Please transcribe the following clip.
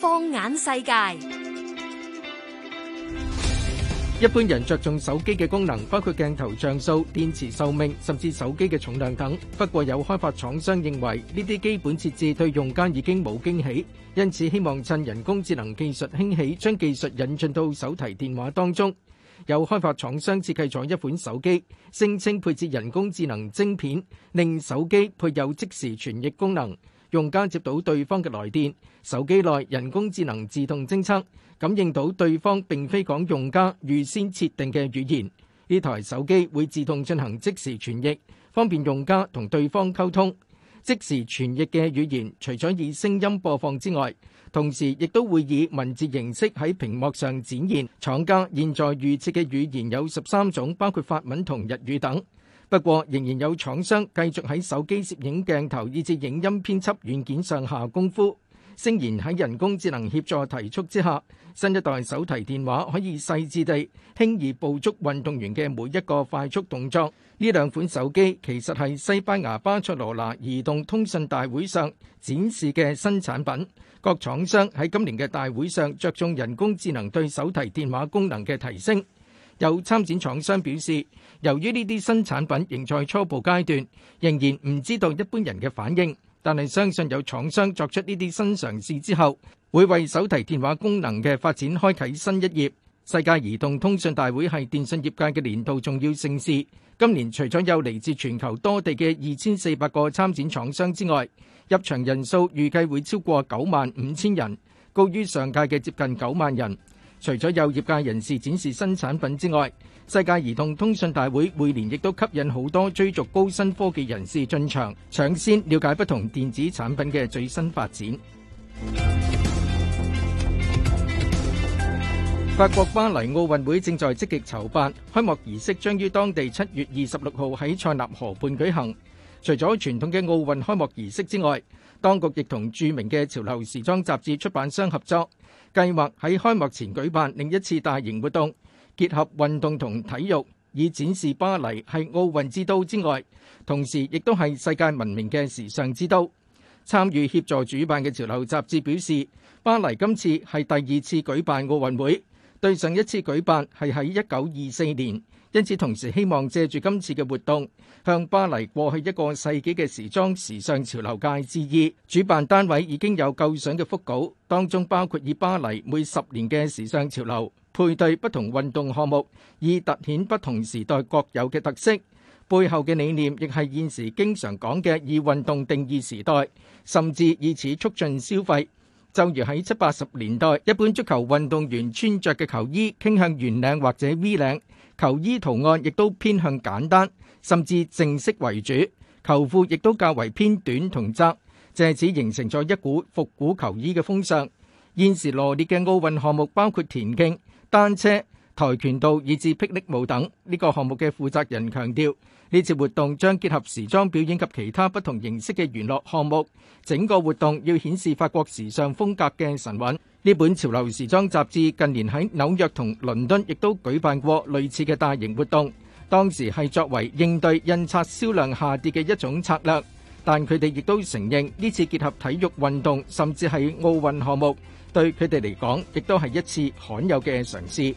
放眼世界，一般人着重手機嘅功能，包括鏡頭像素、電池壽命，甚至手機嘅重量等。不過有開發廠商認為，呢啲基本設置對用家已經冇驚喜，因此希望趁人工智能技術興起，將技術引進到手提電話當中。有開發廠商設計咗一款手機，聲稱配置人工智能晶片，令手機配有即時傳譯功能，用家接到對方嘅來電，手機內人工智能自動偵測，感應到對方並非講用家預先設定嘅語言，呢台手機會自動進行即時傳譯，方便用家同對方溝通。即時傳譯嘅語言，除咗以聲音播放之外，同時亦都會以文字形式喺屏幕上展現。廠家現在預設嘅語言有十三種，包括法文同日語等。不過，仍然有廠商繼續喺手機攝影鏡頭以至影音編輯軟件上下功夫。聲言喺人工智能協助提速之下，新一代手提電話可以細緻地輕易捕捉運動員嘅每一個快速動作。呢兩款手機其實係西班牙巴塞羅那移動通訊大會上展示嘅新產品。各廠商喺今年嘅大會上着重人工智能對手提電話功能嘅提升。有參展廠商表示，由於呢啲新產品仍在初步階段，仍然唔知道一般人嘅反應。但係相信有廠商作出呢啲新嘗試之後，會為手提電話功能嘅發展開啟新一頁。世界移動通訊大會係電信業界嘅年度重要盛事。今年除咗有嚟自全球多地嘅二千四百個參展廠商之外，入場人數預計會超過九萬五千人，高於上屆嘅接近九萬人。除咗有業界人士展示新產品之外，世界移動通訊大會每年亦都吸引好多追逐高新科技人士進場，搶先了解不同電子產品嘅最新發展。 法國巴黎奧運會正在積極籌辦，開幕儀式將於當地七月二十六號喺塞納河畔舉行。除咗傳統嘅奧運開幕儀式之外，當局亦同著名嘅潮流時裝雜誌出版商合作，計劃喺開幕前舉辦另一次大型活動，結合運動同體育，以展示巴黎係奧運之都之外，同時亦都係世界聞名嘅時尚之都。參與協助主辦嘅潮流雜誌表示，巴黎今次係第二次舉辦奧運會，對上一次舉辦係喺一九二四年。因此，同時希望借住今次嘅活動，向巴黎過去一個世紀嘅時裝、時尚潮流界致意。主辦單位已經有構想嘅腹稿，當中包括以巴黎每十年嘅時尚潮流配對不同運動項目，以突顯不同時代各有嘅特色。背後嘅理念亦係現時經常講嘅以運動定義時代，甚至以此促進消費。就如喺七八十年代，一般足球運動員穿著嘅球衣傾向圓領或者 V 領。球衣圖案亦都偏向簡單，甚至正式為主；球褲亦都較為偏短同窄，借此形成咗一股復古球衣嘅風尚。現時羅列嘅奧運項目包括田徑、單車。跆拳道、以至霹靂舞等呢個項目嘅負責人強調，呢次活動將結合時裝表演及其他不同形式嘅娛樂項目。整個活動要顯示法國時尚風格嘅神韻。呢本潮流時裝雜誌近年喺紐約同倫敦亦都舉辦過類似嘅大型活動，當時係作為應對印刷銷量下跌嘅一種策略。但佢哋亦都承認，呢次結合體育運動甚至係奧運項目，對佢哋嚟講亦都係一次罕有嘅嘗試。